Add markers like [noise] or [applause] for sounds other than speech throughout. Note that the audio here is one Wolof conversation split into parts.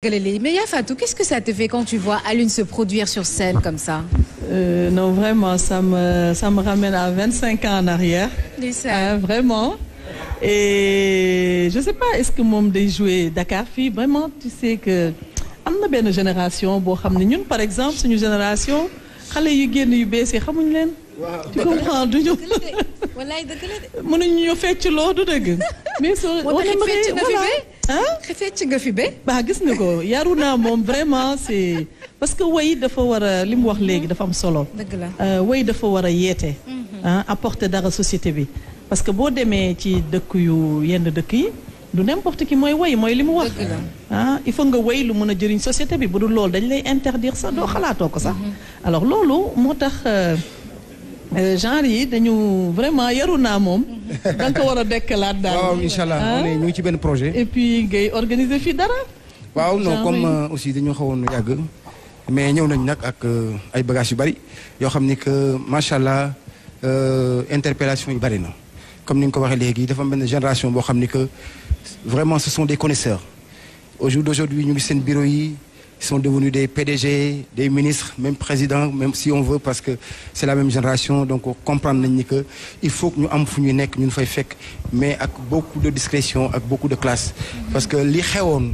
Mais Yafatou, qu'est-ce que ça te fait quand tu vois Alune se produire sur scène comme ça euh, Non, vraiment, ça me, ça me ramène à 25 ans en arrière. Hein, vraiment. Et je sais pas, est-ce que moom day jouer Dakar fii vraiment tu sais que am na benn génération boo xam ne ñun par exemple suñu génération xale yu génn yu bees yi xamuñu leen. tu comprends ah, du ñu. wallaay dëgg la de. mënuñu ñu fecc loo du dëgg. mais soo waxee fecc nga fi be. nga fi be. ba gis nga ko yaru naa moom vraiment c'est parce que way dafa war a li mu wax léegi dafa am solo. dëgg la euh, way dafa war a yeete. Mhm. apporter dara société bi. parce que boo demee ci dëkk yu yenn dëkk yi. du n'importe qui mooy woy mooy li mu wax il faut nga woy lu mën a jëriñ société bi bu dul loolu dañ lay interdire sax doo mhm. xalaatoo ko sax mhm. alors loolu moo tax euh, Euh, genre yi dañu vraiment yaru naa moom. [laughs] da nga war a dekkalaat daal. waaw incha allah ah. ñu ngi ci benn projet. et puis ngay organiser fii dara. waaw no comme euh, aussi dañoo xawoon yàgg. mais ñëw nañ nag ak euh, ay bagages yu bari yoo xam ni que macha allah interpellation yu bari na. comme ni nga ko waxee léegi dafa am benn génération boo xam ni que vraiment ce son des connaisseurs au jour d'aujourd'hui ñu ngi seen bureau yi. ils sont devenus des PDG des ministres même président même si on parce que c'est la même génération donc comprendre nañ ni que il faut am fu ñu nekk ñun fay fekk mais ak beaucoup de discrétion ak beaucoup de classe parce que li xewoon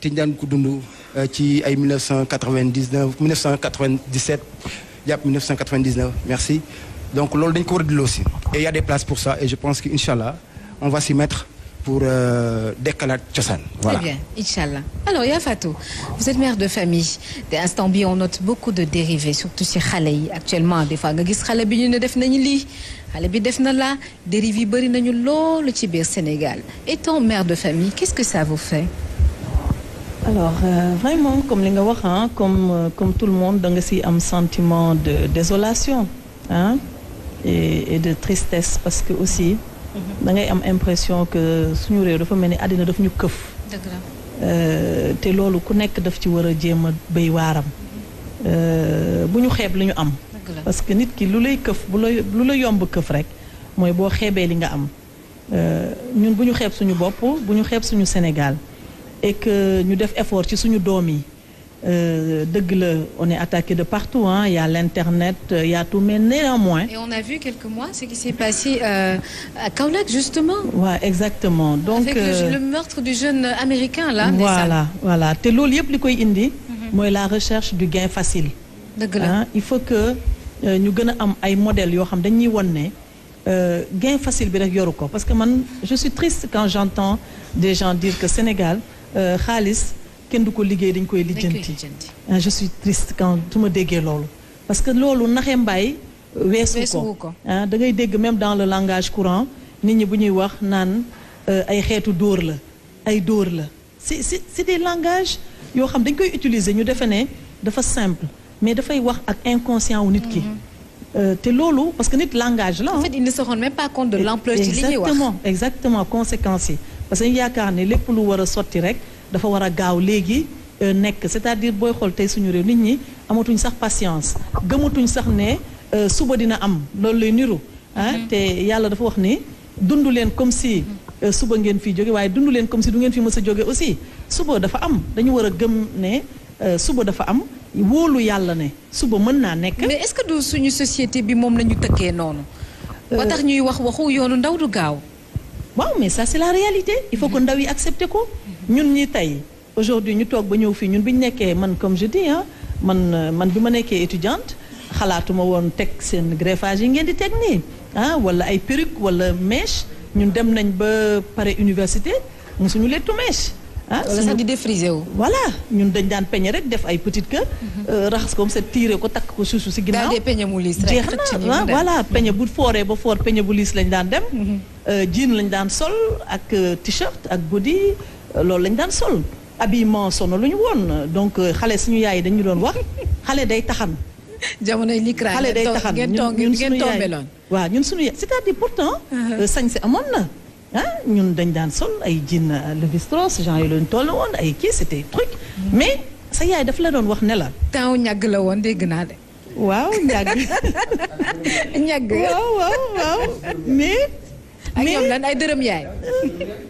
te ñu daan ko dund euh, ci ay 1999 1997 jàpp 1999 merci donc loolu dañ ko war a delloosi et il y a des places pour ça je pense que incha allah on va s'y pour euh, dekkalaat cosaan. voilà très bien incha allah alors yaa Fatou vous êtes mère de famille te instant bi on note beaucoup de dérivés surtout ci xale yi actuellement des fois nga gis xale bi ñu ne def nañu lii xale bi def na laa dérive yi bëri nañu loolu ci biir Sénégal étant mère de famille qu'est-ce que ça vous fait. alors euh, vraiment comme li nga wax ah comme euh, comme tout le monde da nga si am sentiment de désolation ah et, et de tristesse parce que aussi. da ngay am impression que suñu réew dafa mel ni àddina daf ñu këf. dëgg la euh, te loolu ku nekk daf ci war a jéem a béy waaram euh, bu ñu xeeb lu ñu am. parce que nit ki lu lay këf bu la lu la yomb këf rek mooy boo xeebee li nga am euh, ñun bu ñu xeeb suñu bopp bu ñu xeeb suñu Sénégal et ñu def effort ci suñu doom yi. Euh, dëgg la on est attaqué de partout hein y a l'internet euh, il y a tout mais néanmoins. et on a vu quelques mois ce qui s'est passé euh, à Kaolack justement. waaw ouais, exactement donc avec euh, américain là. voilà voilà te loolu yëpp li koy indi. Mhm. mooy la recherche du gain facile. dëgg la il faut que euh, ñu gën a am ay modèles yoo xam dañuy won ne euh, gain facile bi rek yoru ko parce que man je suis triste quand j'entends des gens dire que Sénégal xaalis. kenn du ko liggéey dañ koy lijjanti ah, je suis triste quand su ma déggee loolu parce que loolu naxe mbaay weesu ko ah da ngay dégg même dans le langage courant nit ñi bu ñuy wax naan euh, ay xeetu dóor la ay dóor la si c'est c'est des langages yoo xam dañ koy utiliser ñu defe ne dafa simple mais dafay wax ak inconscient wu nit ki mm-hmm. euh, te loolu parce que nit langage la en indi ils ne se même pas compte de l'ampleur ci li ñuy exactement conséquence yi parce que ñu yaakaar ne lépp lu war a sotti rek dafa war a gaaw léegi euh, nekk c'est-à-dire booy xool tey suñu réew nit ñi amatuñ sax patience gëmatuñ sax ne euh, suba dina am loolu lay niru ah te yàlla dafa wax ni dundu leen comme si mm-hmm. euh, suba ngeen fi jóge waaye dundu leen comme si du ngeen fi mës a jóge aussi suba dafa am dañu war a gëm ne suba dafa am wóolu yàlla ne suba mën naa nekk. mais est-ce que du suñu société bi moom la tëkkee noonu. ba tax ñuy wax waxu yoonu ndaw du gaaw. waaw mais ça c'est la réalité. il faut que mm-hmm. ndaw yi accepté ko. ñun ñi tey aujourd'hui ñu toog ba ñëw fii ñun bi ñu nekkee man comme je ah, man man bi ma nekkee étudiante xalaatuma woon teg seen greffage yi ngeen di teg nii ah wala ay perruque wala mèche ñun dem nañ ba pare université suñu lettu mèche. ah wala sax wu. voilà ñun dañ daan peñe rek def ay petite queue. Mhm. Euh, raxas ko set tiire ko takk ko suusu si ginnaaw. daal di peñe mu liis rek jeex na ah, voilà peñe mhm. bu fooree ba foor peñe bu liis lañ daan dem. Mhm. Euh, jiin lañ daan sol ak euh, t-shirt ak body loolu lañu daan sol habillement solo lu ñu woon donc euh, xale suñu yaay yi dañu doon wax xale day taxan jamonoy li craint xale day taxan ñun suñu yaay waaw ñun suñu yaay c'est-à-dire pourtant uh-huh. euh, sañse amoon na ah ñun dañ daan sol ay jin euh, Levi Strauss genre yi lañu toll woon ay kii c'était truc mm-hmm. mais sa yaay dafa la doon wax ne la temps ñàgg la woon dégg naa de waaw ñàgg [laughs] ñàgg waaw waaw mais ak ñoom lan ay dërëm yaay.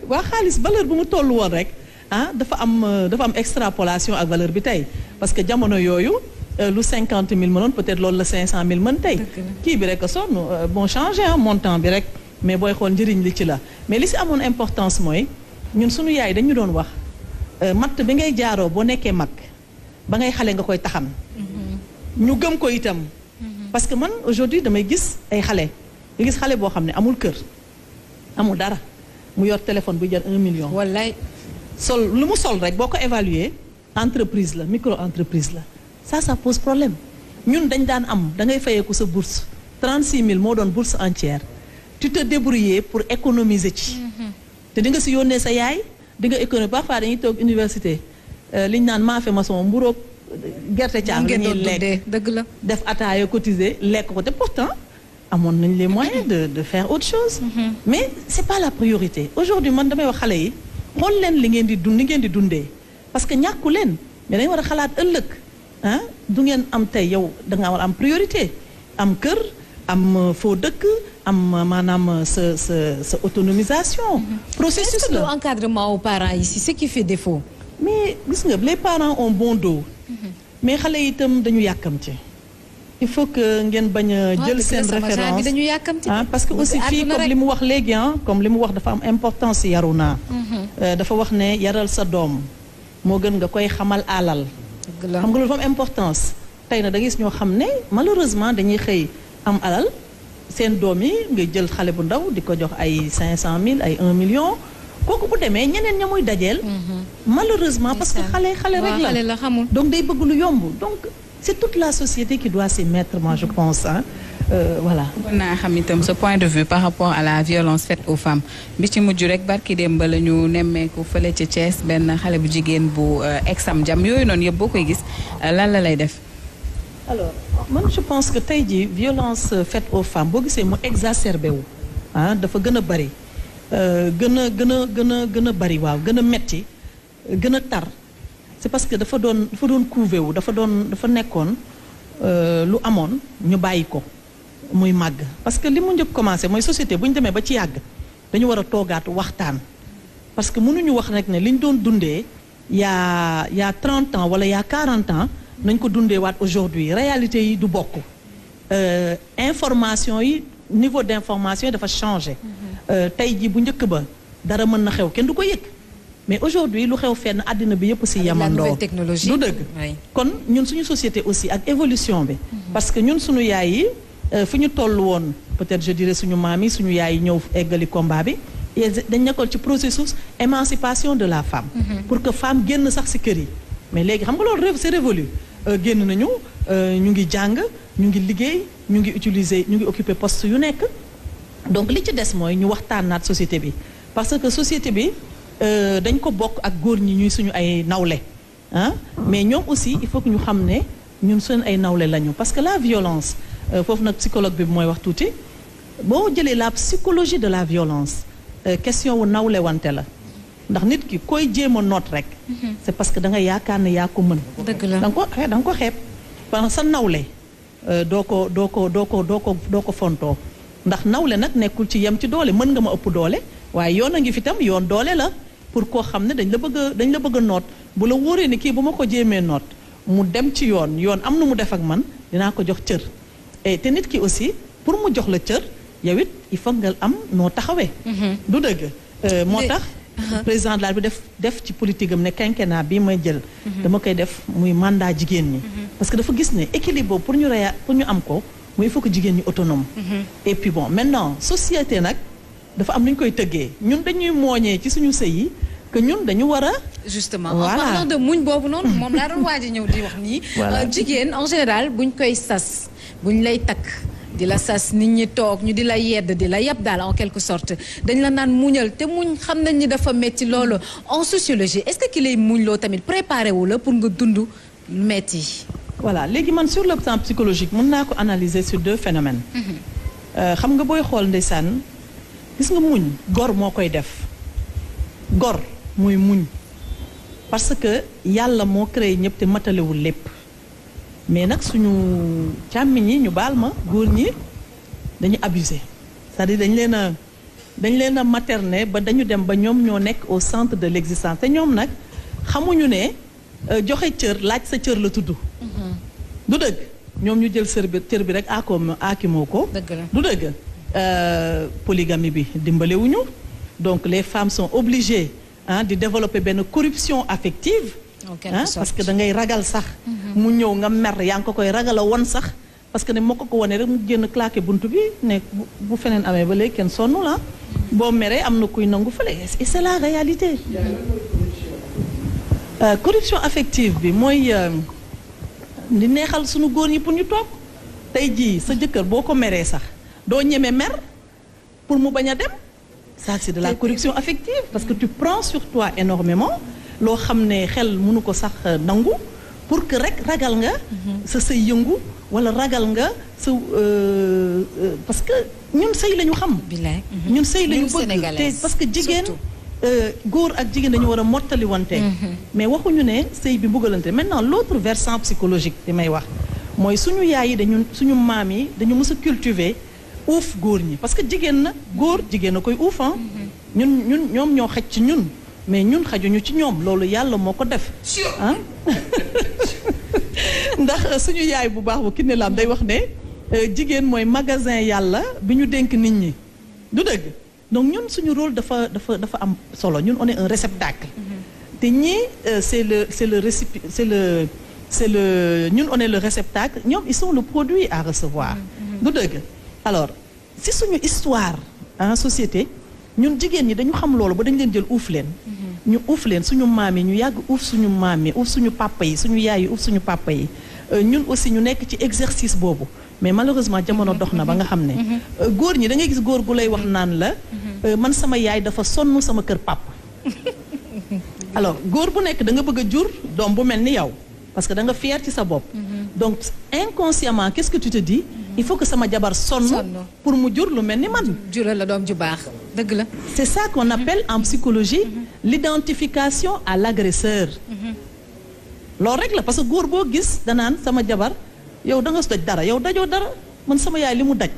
waa xaalis baleur bu mu toll woon rek ah dafa am dafa am extrapolation ak valeur bi tey parce que jamono yooyu euh, lu cinquante mille mënoon peut-être loolu la cinq cent mille mën tey. kii bi rek a sonn euh, bon changé montant bi rek mais booy xool njëriñ li ci la mais li si amoon importance mooy ñun suñu yaay dañu doon wax euh, matt bi ngay jaaroo boo nekkee mag ba ngay xale nga koy taxam. Mm-hmm. ñu gëm ko itam. Mm-hmm. parce que man aujourd'hui damay gis ay xale nga gis xale boo xam ne amul kër. amul dara mu yor téléphone bu jar un million. wallaay sol lu mu sol rek boo ko évaluer entreprise la micro entreprise la ça ça pose problème ñun dañ daan am da ngay fayeeku sa bourse mille moo doon bourse entière tu te débrouiller pour économiser ci. Mm-hmm. te di nga si yónnee sa yaay di nga ba parfois dañuy toog université euh, li ñu naan maafe maçon mburoog euh, gerte caaf. li ñuy lekk dëgg la def ataaya cotiser lekk ko te pourtant. amoon nañu leen moyens de de faire autre chose mm-hmm. mais c'est pas la priorité aujourd'hui man damay wax xale yi xool leen li ngeen di dund li di dundee parce que ñàkku leen mais dañ war a xalaat ëllëg ah du ngeen am tey yow da ngaa war am priorité am kër am euh, foo dëkk am euh, maanaam euh, sa sa sa autonomisation mm-hmm. processus la encadrement aux parents ici ce qui fait défaut mais gis nga les parents on bon dos mm-hmm. mais xale yitam dañu yàkkamti il faut que ngeen bañ a jël seen référence ah parce que ah, aussi fii comme li mu wax léegi ah comme li mu wax dafa am importance yaru naa mhm. euh, dafa wax ne yaral sa doom moo gën nga koy xamal alal xam nga loolu dafa am importance tey na da gis ñoo xam ne malheureusement dañuy xëy am alal seen doom yi nga jël xale bu ndaw di ko jox ay cinq cent mille ay un million kooku bu demee ñeneen ña muy dajeel mhm. malheureusement parce que xale xale rek la donc day bëgg lu yomb c'est toute la société qui doit s'y mettre moi je pense ah euh, naa xam itam ce point de vue par rapport à la violence faite aux femmes bi ci mujj rek barki dem ba la ñu nemmeeku fële ca Thiès benn xale bu jigéen bu euh, exam jam yooyu noonu yëpp boo koy gis euh, lan la lay def. alors man je pense que tey jii violence euh, faite aux femmes boo gisee mu exacerbé wu ah dafa gën a bari gën a gën a gën a gën a bari waaw gën a metti gën a tar. c'est parce que dafa doon dafa doon couvé wu dafa doon dafa nekkoon euh, lu amoon ñu bàyyi ko muy màgg parce que li mu njëkk commencé mooy société bu ñu demee ba ci yàgg dañu war a toogaat waxtaan parce que mënuñu wax rek ne li ñu doon dundee yaa yaa trente ans wala yaa quarante ans nañ ko dundee waat aujourd'hui réalité yi du bokk euh, information yi niveau d'information yi dafa changé mm-hmm. euh, tey jii bu njëkk ba dara mën na xew kenn du ko yëg mais aujourd'hui lu xew fenn àddina bi yëpp si yamandoo du dëgg kon ñun suñu société aussi ak évolution bi mhm. parce que ñun suñu yaay yi euh, fu ñu toll woon peut-être je dirais suñu maam yi suñu yaay yi ñëw eggali combat bi dañ nekkoon ci processus émancipation de la femme mhm. pour que femme génn sax si kër yi mais léegi xam nga loolu c'est révolu euh, génn nañu euh, ñu ngi jàng ñu ngi liggéey ñu ngi utiliser ñu ngi occuper poste yu nekk donc li ci des mooy ñu waxtaanaat société bi parce que société bi Euh, dañ ko bokk ak góor ñi ñuy suñu ay nawle ah mais ñoom aussi il faut ñu xam ne ñun suñu ay nawle lañu parce que la violence euh, foofu nag psychologue bi mooy wax tuuti boo jëlee la psychologie de la violence euh, question wu nawle wante la ndax nit ki koy jéem a noot rek. Mhm. c'est parce que da nga yaakaar ne yaa ko mën. dëgg la da nga eh, ko xeeb da ko xeeb parce que sa nawle doo ko doo ko doo ko doo ko doo ko fontoo ndax nawle nag nekkul ci yem ci doole mën nga ma ëpp doole waaye yoon a ngi fi tam yoon doole la. pour koo xam ne dañ la bëgg a la bëgg a noot bu la wóoree ne kii bu ma ko jéemee noot mu dem ci yoon yoon am na mu def ak man dinaa ko jox cër et te nit ki aussi pour mu jox la cër yow it il faut nga am noo taxawee. Mhm. du dëgg euh, moo tax. Uh-huh. président de bi def def ci politique am ne quinquennat bi may jël. Mhm. dama koy def muy mandat jigéen ñi. Mhm. parce que dafa gis ne équilibre boobu pour ñu reyaat pour ñu am ko mooy il faut jigéen ñi autonome. et puis bon maintenant société nag dafa am lu koy tëggee ñun dañuy mooñee ci suñu sëy yi. que ñun dañu war a. justement voilà. en muñ boobu noonu moom laa doon waaj a ñëw di wax nii. [laughs] Euh, jigéen en général buñ koy sas buñ lay takk. di la sas nit ñi toog ñu di la yedd di la yab daal en quelque sorte dañ la naan muñal te muñ xam nañ ni dafa metti loolu en sociologie est-ce que ki lay muñ loo tamit préparé wu la pour nga dund metti. voilà léegi man sur le plan psychologique mën naa ko analyser sur deux phénomènes. Mhm. Euh, xam nga booy xool ndeysaan gis nga muñ gor moo koy def mooy muñ parce que yàlla moo créé ñëpp te matalewul lépp mais nag suñu càmmiñ yi ñu baal ma góor ñi dañu abusé cest à dañ leen a dañ leen a materné ba dañu dem ba ñoom ñoo nekk au centre de l'existence te ñoom nag xamuñu ne euh, joxe cër laaj sa cër la tudd mm-hmm. du dëgg ñoom ñu jël sër bi cër bi rek aakoom aakimoo ko du dëgg euh, polygamie bi dimbalewuñu donc les femmes sont obligées ah di développer benn corruption affective ah parce que dangay ragal sax mhm. mu ñëw nga mer yaa ngi ko koy ragala won sax parce que ne moo ko ko wone rek mu génn claqué bunt bi nekk bu feneen amee ba léegi kenn sonn la boo meree am na kuy nangu fële et c'est la réalité euh, affective bi mooy euh, di neexal suñu góor ñi pour ñu toog tey jii sa jëkkër boo ko meree sax doo ñeme mer pour mu bañ a dem ça de la corruption affective parce que tu prends sur toi énormément loo xam ne xel mënu ko sax euh, nangu pour que rek ragal nga mhm. sa sëy yëngu wala ragal nga sa euh, euh, parce que ñun sëy la ñu xam mhm. Mhm. ñun sëy la ñu bëgg te parce que jigéen góor ak jigéen dañu war a mottali wante mais waxuñu ne sëy bi mbugalante maintenant l'autre versant psychologique li may wax mooy suñu yaay yi dañu suñu maam yi dañu mës a cultiver uuf góor ñi parce que jigéen na góor jigéen a koy uuf ah. Mm-hmm. ñun ñun ñoom ñoo xaj ci ñun mais ñun xajuñu ci ñoom loolu yàlla moo ko def. ah [laughs] ndax suñu yaay bu baax bu Kiné Lam day wax ne euh, jigéen mooy magasin yàlla bi ñu dénk nit ñi du dëgg donc ñun suñu rôle dafa dafa dafa am solo ñun on est un réceptacle. Mm-hmm. te ñii euh, c'est le c'est le récipi c'est le c'est le ñun one le réceptacle ñoom ils sont produit à recevoir. Mm-hmm. du dëgg. alors si suñu histoire en société ñun jigéen ñi dañu xam loolu ba dañu leen jël uuf leen. Mm-hmm. ñu uuf leen suñu maam yi ñu yàgg uuf suñu maam yi uuf suñu papa yi suñu yaay yi uuf suñu papa yi euh, ñun aussi ñu nekk ci exercice boobu mais malheureusement jamono dox na ba nga xam ne. Mm-hmm. Euh, góor ñi da ngay gis góor gu lay wax naan la. Mm-hmm. Euh, man sama yaay dafa sonn sama kër papa. [laughs] alors góor bu nekk da nga bëgg a jur doom bu mel ni yow parce que da nga fier ci sa bopp. donc inconsciemment quest que tu te il faut que sama jabar sonn pour mu jur lu mel ni man jural la doom ju baax dëgg la c'est ça qu'on appelle en psychologie l'identification à l'agresseur loolu rek la parce que góor boo gis danaan sama jabar yow da nga daj dara yow dajoo dara man sama yaay li mu daj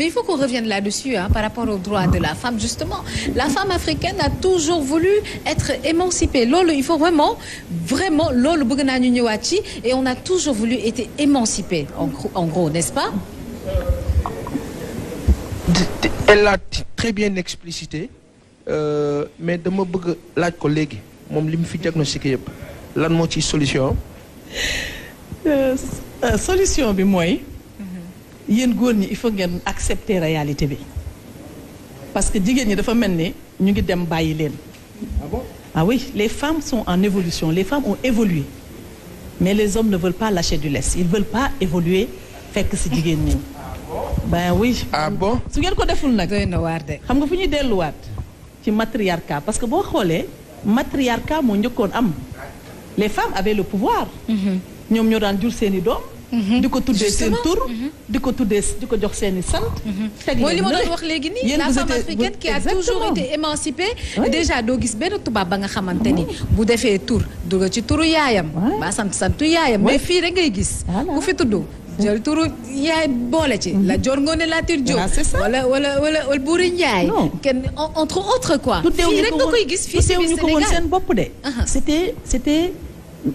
Mais il faut qu'on revienne là-dessus hein, par rapport aux droits de la femme. Justement, la femme africaine a toujours voulu être émancipée. Lolo, il faut vraiment, vraiment, Lolo et on a toujours voulu être émancipée, en, en gros, n'est-ce pas Elle l'a très bien explicité, euh, mais de mon la collègue, mon limfi diagnostiqué, la solution. Euh, euh, solution, bi moi. yéen góor ñi il faut ngeen accepter réalité bi parce que jigéen ñi dafa mel ni ñu ngi dem bàyyi leen. ah bon ah les femmes sont en évolution les femmes ont évolué mais les hommes ne veulent pas lâcher du lest ils veulent pas évoluer fekk ci jigéen ñi. ba oui. Ah bon su ngeen ko deful nag. na waar de. xam nga fu ñuy delluwaat ci matriarcat parce que boo xoolee matriarcat moo njëkkoon am les femmes avaient le pouvoir. Mm-hmm. ñoom ñoo daan jur seeni doom. di ko tuddee seen mhm. di ko tuddee di ko jox seen i sant. Mhm. teg mooy li ma doon wax léegi nii la femme africaine qui a toujours été émancipée. déjà doo gis benn tubaab ba nga xamante ni oh. bu defee tur dugg ci turu yaayam. ba sant santu yaayam mais fii rek ngay gis. ku fi tudd jël turu yaay boole ci. la mhm. Dior ngoone Latyr Diop. wala wala wala Buri Ndiaye. kenn entre autres quoi. fii rek nga koy gis fii ci biir Sénégal ñu bopp de. Uh-huh.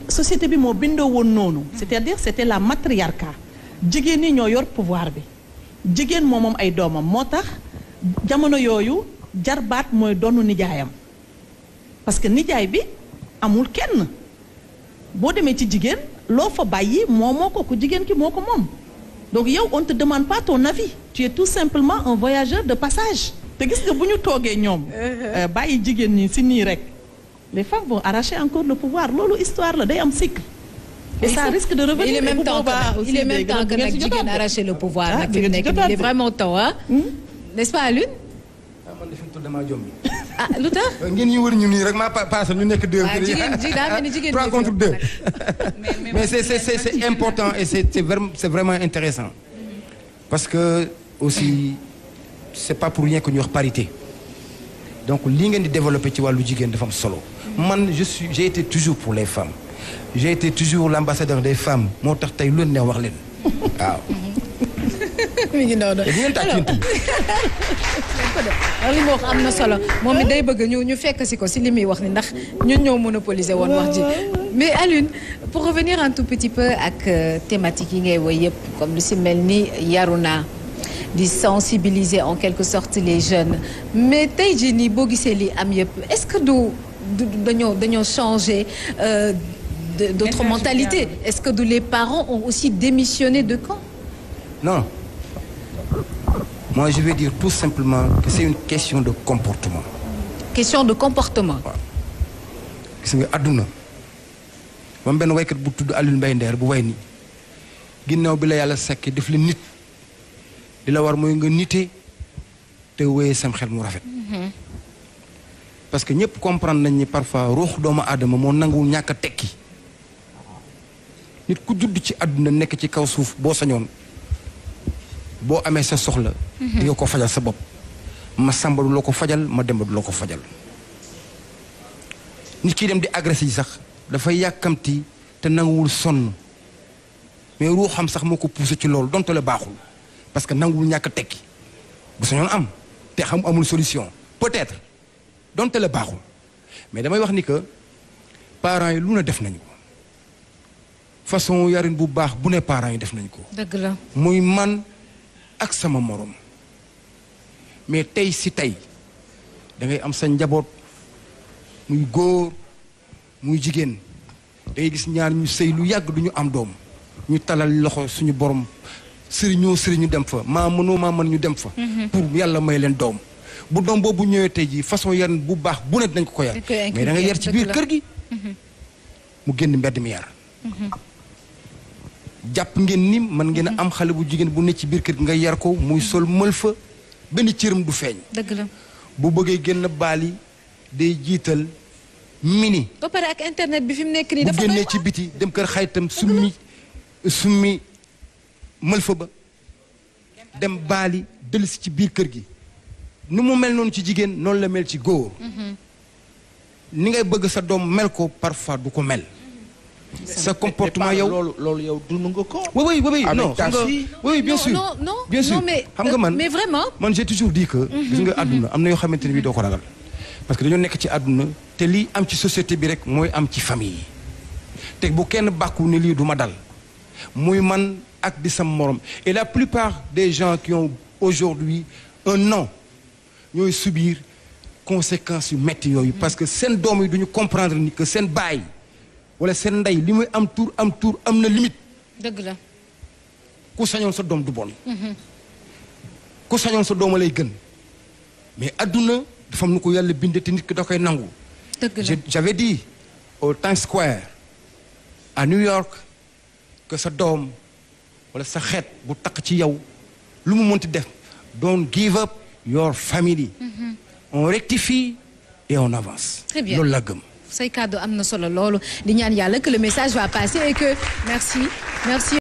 société bi moo bindoo woon noonu c'est-à-dire c'était la matriarcat jigéen ñi ñoo yor pouvoir bi jigéen moo moom ay doomam moo tax jamono yooyu jarbaat mooy doonu nijaayam parce que nijaay bi amul kenn boo demee ci jigéen loo fa bàyyi moo ko ku jigéen ki moo ko moom donc yow on demande pas ton avis tu tout simplement un voyageur de passage te gis nga bu ñu toogee ñoom euh, euh. Euh, bàyyi jigéen ñi si nii rek les femmes vont arracher encore le pouvoir loolu histoire la day am cycle. et ça risque de revenir il est même temps que il est même temps que nag jigéen arracher le pouvoir ah, nag fi mu nekk nii il est vraiment temps ah. n'est-ce pas Alioune. ah man de fi mu toll damaa jombi. ah lu tax. Euh, ngeen ñu wër ñu nii rek maa paase ñu nekk deux. waaw ah, jigéen ji daa mel ni jigéen trois contre deux. mais mais c'est c'est c'est important et c'est c'est vraiment intéressant parce que aussi c'est pas pour rien que ñu wax parité donc lii ngeen di développer ci wàllu jigéen dafa am solo. man je suis j'ai été toujours pour les femmes j'ai été toujours l'ambassadeur des femmes moo tax tey lu ne wax leen waaw. mi ngi noonu alors li mu wax am na solo moom day bëgg ñu ñu fekk si ko si li muy wax ni ndax ñun ñoo monopoliser woon wax ji mais Alioune pour revenir un tout petit peu ak euh, thématique yi ngay woy yëpp comme lu si mel ni yaru naa di sensibiliser en quelque sorte les jeunes mais tey jii nii boo gisee li am yëpp est-ce que du. dañoo dañoo changé euh, d'autres mentalités est-ce que les parents ont aussi démissionné de camp non moi je vais dire tout simplement que c'est une question de comportement question de comportement waaw gis nga àdduna moom benn waykat bu tudd Alioune Mbaye Nder bu way nii ginnaaw bi la yàlla sakkee def la nit di la war mooy nga nite te wéyee sam xel mu rafet mm-hmm. parce que ñëpp comprendre nañ ni parfois ruux doomu aadama moo nanguwul ñàkk a tekki nit ku judd ci àdduna nekk ci kaw suuf boo sañoon boo amee sa soxla. Mhm. di ko fajal sa bopp. ma sàmba du la ko fajal ma dem du la ko fajal. nit ki dem di agressé yi sax dafay yàkkamti te nanguwul sonn mais xam sax moo ko poussé ci loolu donte la baaxul parce que nanguwul ñàkk tekki bu sañoon am te xam amul solution peut-être. donte la baaxul mais damay wax ni que parent yi lu ne def nañu ko façon yarin bu baax bu ne parent yi def nañ ko. dëgg muy man ak sama moroom mais tey si tey da am sa njaboot muy góor muy jigéen day gis ñaar ñu sëy lu yàgg du ñu am doom ñu talal loxo suñu borom sëriñoo sëriñu dem fa maa mënoo maa mën ñu dem fa. Mm-hmm. pour yàlla may leen doom. bu doom boobu ñëwee tey jii façon yar bu baax bu ne nañ ko ko yar mais da nga yar ci biir kër gi mhm. mu génn mbedd mi yar mhm. jàpp ngeen ni man ngeen a mhm. am xale bu jigéen bu nekk ci biir kër gi nga yar ko muy sol mël fa benn cëram du feeñ bu bëggee génn baali day jiital mini ba pare ak internet bi fi mu nekk nii dafa bu génnee ci biti dem kër xaytam summi summi mël fa ba dem baali si ci biir kër gi ni mu mel noonu ci jigéen noonu la mel ci góor mm-hmm. ni ngay bëgg sa doom mel ko parfois du ko mel sa comportement yow loolu loolu yow dund nga ko. oui oui oui nga bien sûr xam nga euh, man mais man j'ai toujours dit que. Mm-hmm. gis nga mm-hmm. àdduna am na yoo xamante ne bii doo ko ragal. parce que dañoo nekk ci àdduna te lii am ci société bi rek mooy am ci famille yi te bu kenn bàkku ne lii du ma dal muy man ak di sam morom et la plupart des gens qui ont aujourd'hui un nom. ñooy subir conséquence yu metti yooyu mm. parce que seen doom yi duñu comprendre ni que seen baay wala seen ndey li muy am tur am tur am na limite. dëgg ku sañoon sa doom du bon. Mm-hmm. ku sañoon sa doom lay gën. mais adduna dafa nu ko yàlla bindee te nit ko da koy nangu. dëgg la j'avais au Times Square à New York sa doom wala sa xeet bu taq ci yow lu mu mënti def don't give up. your family. Mm-hmm. on rectifie et on avance. très bien loolu la gëm. say kàddu am na solo loolu di ñaan yàlla que le message va passer et que merci merci.